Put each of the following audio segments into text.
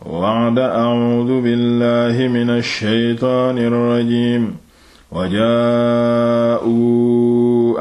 wacda acuudu billahi min alsheytaan alrajim wa jaauu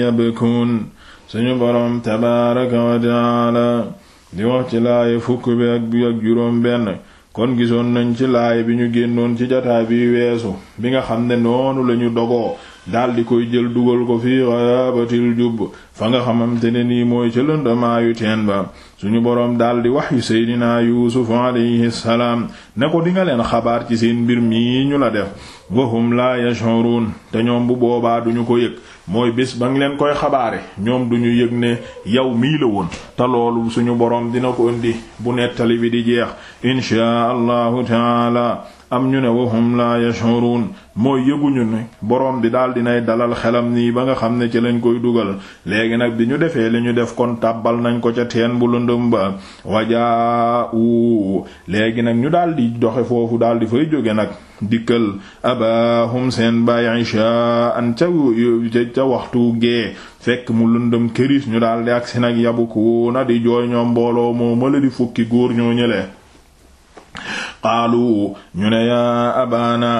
yabkuun suñu boroom tabaaraka wa tacaala di wax ci laaya fukk bi ak juróom benn kon gisoon nañ ci laay bi ñu génnoon ci jataa bi weesu bi nga xam ne noonu lañu dogo daal di koy jël dugal ko fii xayabatil jubb fa nga xamante ne nii mooy ca lëndamaayu teen ba suñu boroom daal di wax yu seydinaa yuusuf alayhi salaam ne ko dinga leen xabaar ci seen mbir mii ñu la def wahum laa yash'urun te ñoom bu boobaa duñu ko yëg mooy bés ba nga leen koy xabaare ñoom duñu yëg ne yow mii la woon te loolu suñu boroom dina ko indi bu nettali bi di jeex inchaa allahu taala am ñu ne wahum laa yash'urun mooy yëguñu ne borom bi daal dinay dalal xelam nii ba nga xam ne ci lañ koy dugal léegi nag bi ñu defee li ñu def kon tàbbal nañ ko ca teen bu lëndëm ba wajaa u léegi nag ñu daal di doxe foofu daal di fay jóge nag di dikkal abahum seen baay isha an ca ca waxtu gee fekk mu lëndëm këris ñu daal di agsi nag yabu ko na di jooy ñoo mbooloo moo mala di fukki góor ñoo ñële qaalu ñu ne yaa abaana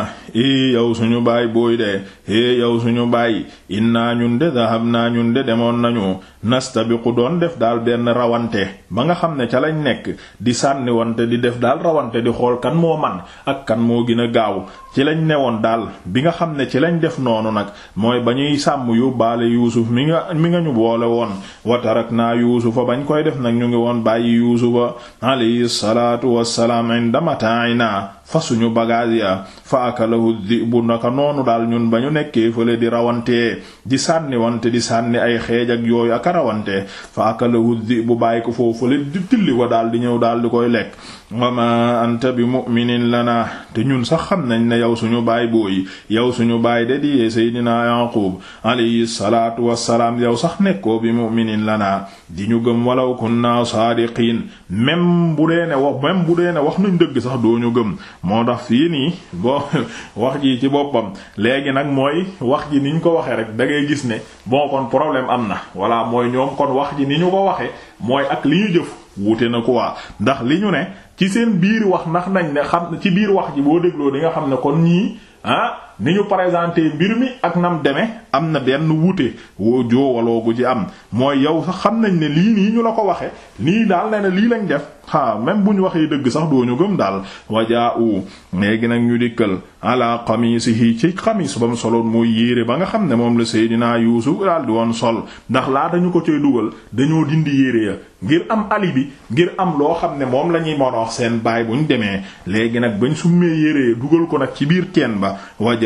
i yow suñu baay booy de é yow ñu bàyyi naa ñun de dahab naa ñun de demoon nañu nasta bi nastabiqu doon def daal benn rawante ba nga xam ne ca lañ nekk di sànni wante di def daal rawante di xool kan moo man ak kan moo gën a gaaw ci lañ newoon daal bi nga xam ne ci lañ def noonu nag mooy ba ñuy sàmm yu baale yuusuf mi nga mi nga ñu boole woon wa taraknaa yuusufa bañ koy def nag ñu ngi woon bàyyi yuusufa alayhi salaatu wassalaam inda mataa'ina fa suñu bagage ya fa akalahu dhi'bu naka noonu daal ñun ba ñu nekkee fële di rawante di sànni wante di sànni ay xeej ak yooyu ak a rawante fa akalahu dhi'bu bàyyi ko foofu fële di tilli ko daal di ñëw daal di koy lekk wa ma anta bi mu'minin lana te ñun sax xam nañ ne yow suñu baay booy yow suñu baay de di seydina yaqub alayhi salaatu wassalaam yow sax nekkoo bi mu'minin lana di ñu gëm walaw kunna saadiqin même bu dee ne wax même bu wax nañ dëgg sax doo ñu moo tax fii nii bon wax ji ci boppam léegi nag mooy wax ji ni ñu ko waxee rek da ngay gis ne bon kon problème am na voilà mooy ñoom kon wax ji ni ñu ko waxee mooy ak li ñu jëf wuute na ko waa ndax li ñu ne ci seen biir wax ndax nañ ne xam ci biir wax ji boo dégloo di nga xam ne kon ñii ah ni ñu présenté mbir mi ak nam demee am na benn wuute woo joowaloo gu ci am mooy yow sax xam nañ ne lii nii ñu la ko waxe nii daal nee na lii lañ def ah même bu ñu waxee dëgg sax doo ñu gëm daal wajaa u léegi nag ñu dikkal ala qamisihi ci xamis ba mu soloon mooy yéere ba nga xam ne moom la Seydina Yuusuf daal di woon sol ndax laata ñu ko cay dugal dañoo dindi yéere ya ngir am alibi ngir am loo xam ne moom la ñuy mën seen baay bu ñu demee léegi nag bañ summee yéere dugal ko nag ci biir teen ba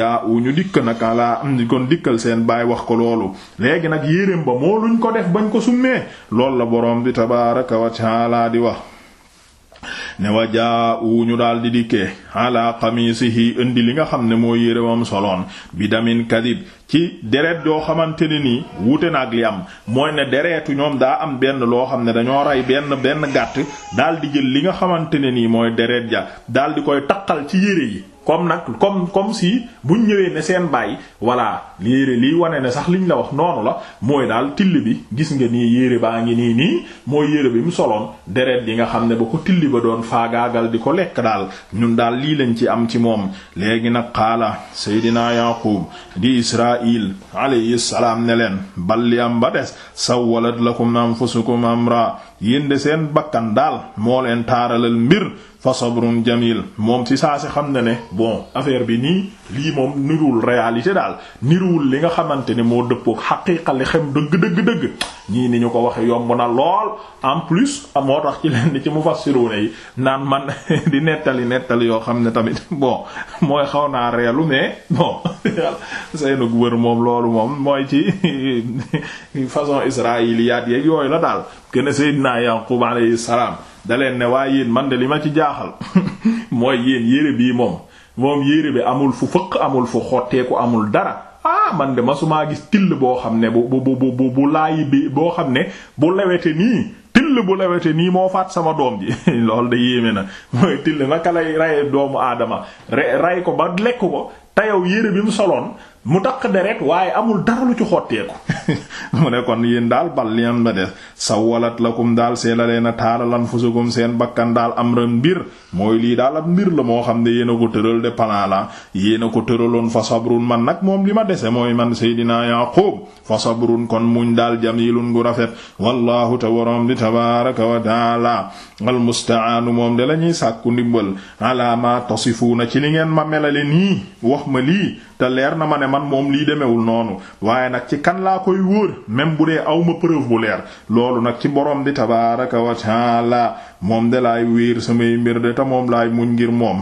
jaawu ñu dikk nag laa am ni kon dikkal seen baay wax ko loolu léegi nag yéreem ba moo luñ ko def bañ ko summee loolu la boroom bi tabaaraka wa taala di wax ne wa jaawu ñu daal dikkee ala qamisihi indi li nga xam ne moo yérewam soloon bi damin kadib ci deret yoo xamante ne nii wuute na li am mooy ne deretu ñoom daa am benn loo xam ne dañoo rey benn benn gàtt daal di jël li nga xamante ne nii mooy deret ja daal di koy taqal ci yére yi comme nag comme comme si buñ ñëwee ne seen bàyyi voilà yére liy wane ne sax liñ la wax noonu la mooy daal till bi gis nga nii yére baa ngi nii nii mooy yére bi mu soloon deret yi nga xam ne ba ko till ba doon faagaagal di ko lekk daal ñun daal lii lañ ci am ci moom léegi nag xaala seydina yaqub di israil alayhi ne leen bal li am ba des sawwalat lakum anfusukum amra yéen de seen bakkan daal moo leen taaralal mbir fa sabrun jamil moom ci saa si xam na ne bon affaire bi nii lii moom niruwul réalité daal niruwul li nga xamante ne moo dëppook xaqiiqa li xem dëgg dëgg dëgg ñii ni ñu ko waxe yomb na lool en plus moo tax ci leen ci mufassiruna yi naan man di nettali nettali yoo xam ne tamit bon mooy xaw naa reelu mais bon seenug wër moom loolu moom mooy ci façon israiliyaat yeeg yooyu la daal kene Seydina naa alayhi salaam da leen ne waaye yéen man de li ma ci jaaxal mooy yéen yére bii moom moom yére bi amul fu fëq amul fu xotteeku amul dara man de ma masumaa gis till boo xam ne bu bu bu bu bu bi boo xam ne bu lewete nii till bu lewete nii moo faat sama doom ji lool de yéeme na mooy till naka lay reye doomu aadama re rey ko ba lekk ko te yow yére bi mu soloon mu taq deret waaye amul dara lu ci xotteeku mu ne kon yéen daal bal li am la des sawwalat lakum daal seelaleena taalal anfusukum seen bakkan daal am ran mbir mooy lii daal ab mbir la moo xam ne yéen a ko tëral de plan la yéen a ko tëraloon fa sabrun man nag moom li ma dese mooy man seydinaa yaqub fa sabrun kon muñ daal jamilun gu rafet wallahu te waroom bi tabaraka wa taala almustaanu moom de lañuy ñuy sàkku ndimbal ala ma tasifuuna ci li ngeen ma melale nii wax ma lii te leer na ma ne man moom lii demewul noonu waaye nag ci kan laa koy wóor même bu dee aw ma preuve bu leer loolu nag ci borom di tabaaraka wa taala moom de laay wéer samay mbir de te moom laay muñ ngir moom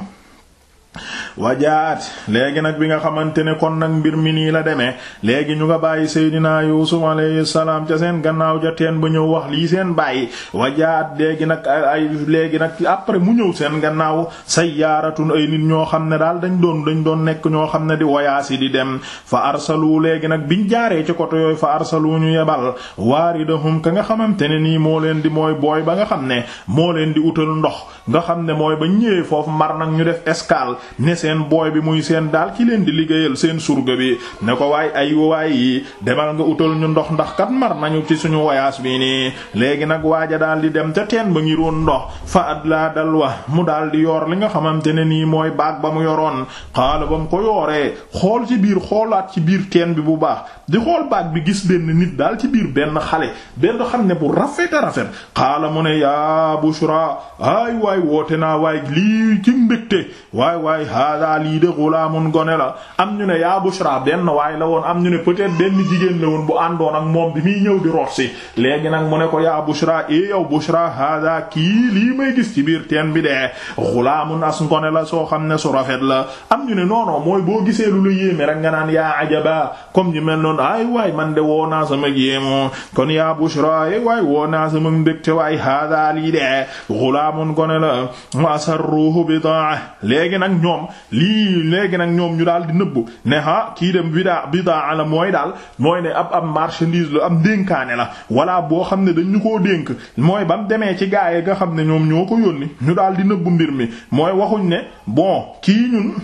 wajaat léegi nag bi nga xamante ne kon nag mbir mi nii la demee léegi ñu nga bàyyi seydinaa yuusuf alayhi salaam ca seen gannaaw ja teen ba ñëw wax lii seen bàyyi wajaat léegi nag ay léegi nag après mu ñëw seen gannaaw sayyaaratun ay nit ñoo xam ne daal dañ doon dañu doon nekk ñoo xam ne di wayaasi di dem fa arsalu léegi nag biñ jaaree ci côté yooyu fa arsalu ñu yebal waaridahum ka nga xamante ne nii moo leen di mooy booy ba nga xam ne moo leen di utal ndox nga xam ne mooy ba ñëwee foofu mar nag ñu def escale ne seen booy bi muy seen daal ki leen di liggéeyal seen surga bi ne ko waay ay waay yi demal nga utal ñu ndox ndax kat mar nañu ci suñu wayaas bi nii léegi nag waaja daal di dem ca teen ba ngir woon ndox fa at laa dal wa mu daal di yor li nga xamante ne nii mooy baag ba mu yoroon xaala ba mu ko yooree xool ci biir xoolaat ci biir teen bi bu baax di xool baag bi gis benn nit daal ci biir benn xale benn xam ne bu rafet a rafet xaala mu ne yaa Bushra ay waay woote naa waay hada lii de xulaamun gone la am ñu ne yaa Bushra benn waay la woon am ñu ne peut-être benn jigéen la woon bu àndoon ak moom bi muy ñëw di rox si léegi nag mu ne ko yaa Bushra e yow Bushra hada kii lii may gis ci biir teen bi dee xulaamun as ngone la soo xam ne su rafet la am ñu ne noonon mooy boo gisee lu la yéeme rek nga naan yaa ajaba comme ñu mel noonu ay waay man de woo naa sama yéemo kon yaa Bushra ay e waay woo naa sama mbégte waay hada lii dee xulaamun gone la wa asarruhu bidaa léegi nag ñoom lii léegi nag ñoom ñu daal di nëbbu ne ah kii dem bidaa bidaa la mooy daal mooy ne ab ab marchandise la am dénkaane la walla boo xam ne dañ ñu koo dénk mooy ba demee ci gaa yi nga xam ne ñoom ñoo ko yónni ñu daal di nëbbu mbir mi mooy waxuñ ne bon kii ñun.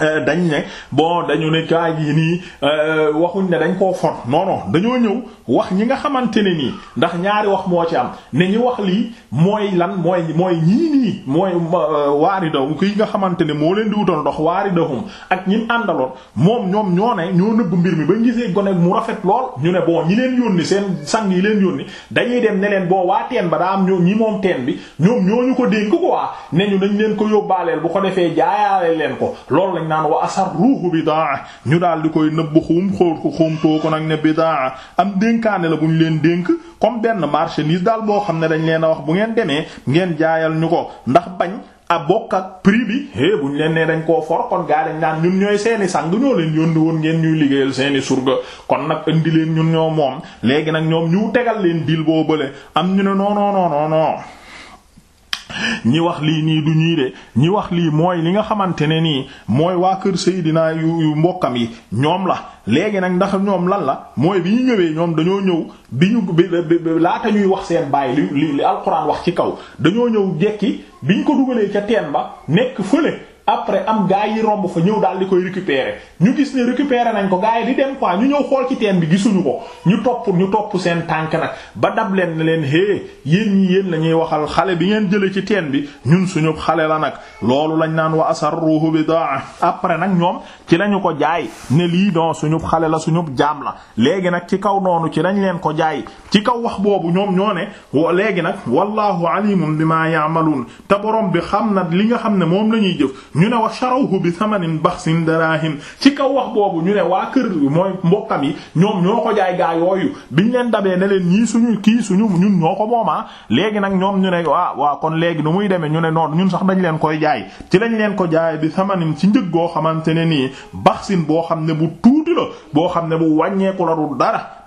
Euh, dañ ne bon dañu ne kaa yi nii euh, waxuñ ne dañ koo fon non dañoo ñëw wax ñi nga xamante ne nii ndax ñaari wax moo ci am ne ñu wax lii mooy lan mooy mooy ñii nii mooy euh, waaridahum kii nga xamante ne moo leen di wutal ndox waaridahum ak ñim àndaloon moom ñoom ñoo ne ñoo nëbb mbir mi ba gisee gone mu rafet lool ñu ne bon ñi leen yónni seen sang yi leen yónni dañuy dem ne leen boo ba daa am ñoo ñi moom teen bi ñoom ñooñu ko dénk ko waa ne ñu nañ leen ko yóbbaaleel bu ko defee jaayaale leen ko lool lañ naan wa asar ruuxu bidaa ñu daal di koy nëbb xuum xóot ko xóomtoo ko nag ne bidaa am dénkaane la bu ñu leen dénk comme benn marchandise daal boo xam ne dañ leen a wax bu ngeen demee ngeen jaayal ñu ko ndax bañ a bokk ak prix bi é bu ñu leen nee dañ koo for kon gaa dañ naan ñooy seeni sang ñoo leen yónni woon ngeen ñuy liggéeyal seeni surga kon nag indi leen ñun ñoo moom léegi nag ñoom ñu tegal leen dil boo bële am ñu ne non non ñi wax lii nii du ñii de ñi wax lii mooy li nga xamante ne nii mooy waa kër Seydina yu mbokkam yi ñoom la léegi nag ndax ñoom lan la mooy bi ñu ñëwee ñoom dañoo ñëw bi ñu laata ñuy wax seen baay li li alxuraan wax ci kaw dañoo ñëw jekki biñ ko dugalee ca teen ba nekk fële après am gaa yi romb fa ñëw daal di koy récupérer ñu gis ne récupérer nañ ko gaa yi di dem quoi ñu ñëw xool ci teen bi gisuñu ko ñu topp ñu topp seen tànk nag ba dab leen ne leen hé yéen ñi yéen la ñuy waxal xale bi ngeen jële ci teen bi ñun suñu xale la nag loolu lañ naan wa asarruhu bidaa après nag ñoom ci lañu ko jaay ne lii don suñu xale la suñu jaam la léegi nag ci kaw noonu ci lañ leen ko jaay ci kaw wax boobu ñoom ñoo ne léegi nag wallahu alimun bima ya'malun te borom bi xam na li nga xam ne moom lañuy jëf ñu ne wax sharawhu bi thamanin baxsin darahim ci kaw wax boobu ñu ne waa kër mooy mbokkam yi ñoom ñoo ko jaay gaa yooyu ñu leen dabee ne leen ñii suñu kii suñu ñun ñoo ko moomaa léegi nag ñoom ñu ne waa waa kon léegi nu muy demee ñu ne noonu ñun sax dañ leen koy jaay ci lañ leen ko jaay bi thamanin ci njëg goo xamante ne nii baxsin boo xam ne bu tuuti la boo xam ne bu wàññeeku la du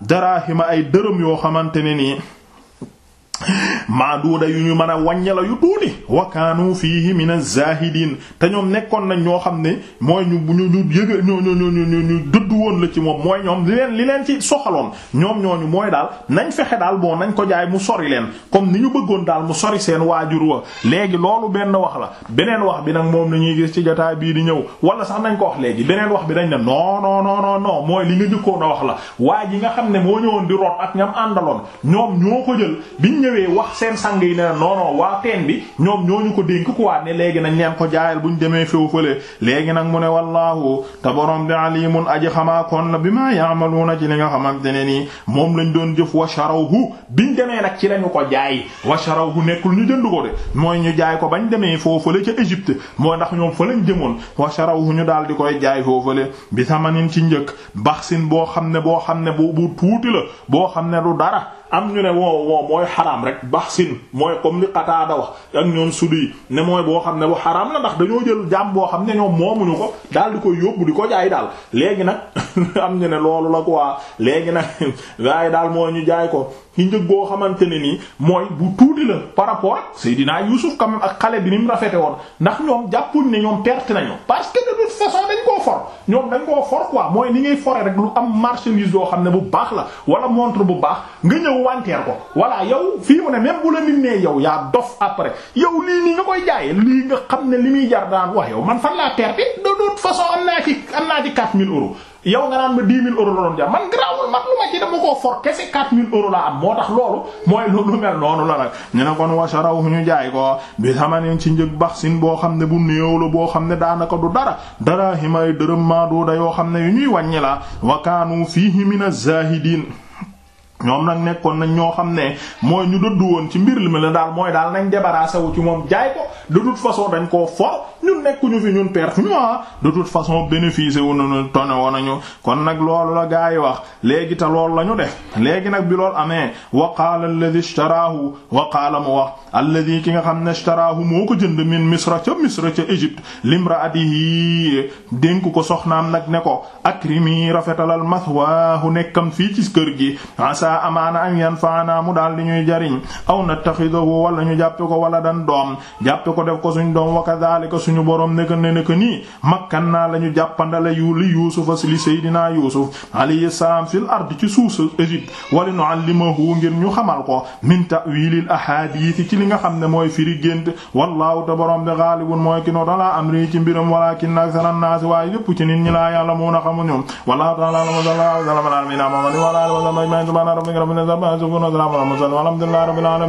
dara ma ay dërëm yoo xamante ne nii maaduuda yu ñu mën a wàññe la yu tuuti wa kaanu fiihi min az-zaahidiin te ñoom nekkoon nañ ñoo xam ne mooy ñu ñu ñu yëg ñoo ñu ñu ñu dëdd woon la ci moom mooy ñoom li li leen ci soxaloon ñoom ñooñu mooy daal nañ fexe daal bon nañ ko jaay mu sori leen comme ni ñu bëggoon daal mu sori seen waajur wa léegi loolu benn wax la beneen wax bi nag moom la ñuy gis ci jotaay bii di ñëw wala sax nañ ko wax léegi beneen wax bi dañ ne non non non non mooy li nga jëkkoon a wax la waa ji nga xam ne moo ñëwoon di rot ak ñam àndaloon ñoom ñoo ko jël biñ ñëw ñëwee wax seen sang yi ne non non waa teen bi ñoom ñoo ñu ko dénk quoi ne léegi nañ leen ko jaayal bu ñu demee féew fële léegi nag mu ne wallaahu te borom bi alimun aji xamaa kon la bi maa yaamaluuna ci li nga xamante ne nii moom lañ doon jëf wa sharawhu biñ demee nag ci lañu ko jaay wa sharawhu nekkul ñu jënd ko de mooy ñu jaay ko bañ demee foo fële ca Égypte moo ndax ñoom fa lañ jëmoon wa sharawhu ñu daal di koy jaay foo fële bi samanin ci njëkk baxsin boo xam ne boo xam ne bu bu tuuti boo xam ne du am ñu ne woo woo mooy xaraam rek bax sin mooy comme li Qataada wax ak ñoom sudu ne mooy boo xam ne bu xaraam la ndax dañoo jël jaam boo xam ne ñoom moomuñu ko daal di ko yóbbu di ko jaay daal léegi nag am ñu ne loolu la quoi léegi nag waaye daal moo ñu jaay ko ci njëg goo xamante ne nii mooy bu tuuti la par rapport ak Seydina Yuusuf quand même ak xale bi ni mu rafete woon ndax ñoom jàppuñ ne ñoom perte nañu parce que de toute façon dañ koo for ñoom dañ koo for quoi mooy ni ngay fore rek lu am marchandise doo xam ne bu baax la wala montre bu baax nga ñëw wanteer ko voilà yow fii mu ne même bu la nit nee yow yaa dof après yow lii nii nga koy jaayee lii nga xam ne li muy jar daan wax yow man fan laa perte de toute façon am naa ci am naa ci 4000 yow nga naan ma 10 000 la doon jar man garaawul man lu ma ci dama koo for kese 4000 euros la am moo tax loolu mooy lu mel noonu la nag ñu ne kon wasaraw ñu jaay ko bi samanin ci njëg baxsin boo xam ne bu néew la boo xam ne daanaka du dara dara himay dërëm maa du da yoo xam ne yu ñuy wàññi la wa kaanu fiihi min az-zahidin ñoom nag nekkoon nañ ñoo xam ne mooy ñu dëddu woon ci mbir li mi la daal mooy daal nañ débarrassé wu ci moom jaay ko de toute façon dañ koo for ñun nekkuñu fi ñun perte ñu ah. de toute façon bénéficié wu nañu tone woon nañu kon nag loolu la gaa yi wax léegi te loolu la ñu def léegi nag bi loolu amee wa qaala alladhi mu wax alladhi ki nga xam ne ishtaraahu moo ko jënd min misra ca misra ca Égypte limraatihi dénk ko soxnaam nag ne ko akrimi rafetalal mathwaahu nekkam fii ci kër gi rabbina amaana an yanfaana mu daal di ñuy jariñ aw nattaxidahu wala ñu jàppe ko wala dan doom jàppe ko def ko suñ doom wa kadhalika suñu boroom nekk ne nekk nii makkan naa la ñu jàppandala yu li yuusufa li seydinaa yuusuf alayhi salaam ci suuf sa Égypte wali nuallimahu ngir ñu xamal ko min ta'wilil ahadith ci li nga xam ne mooy firi gént wallahu te boroom bi ghalibun mooy ki no dalaa amri ci mbiram walakin akthara an-nas waaye lépp ci nit ñi laa yàlla mun a xamuñu a hamdika rabbana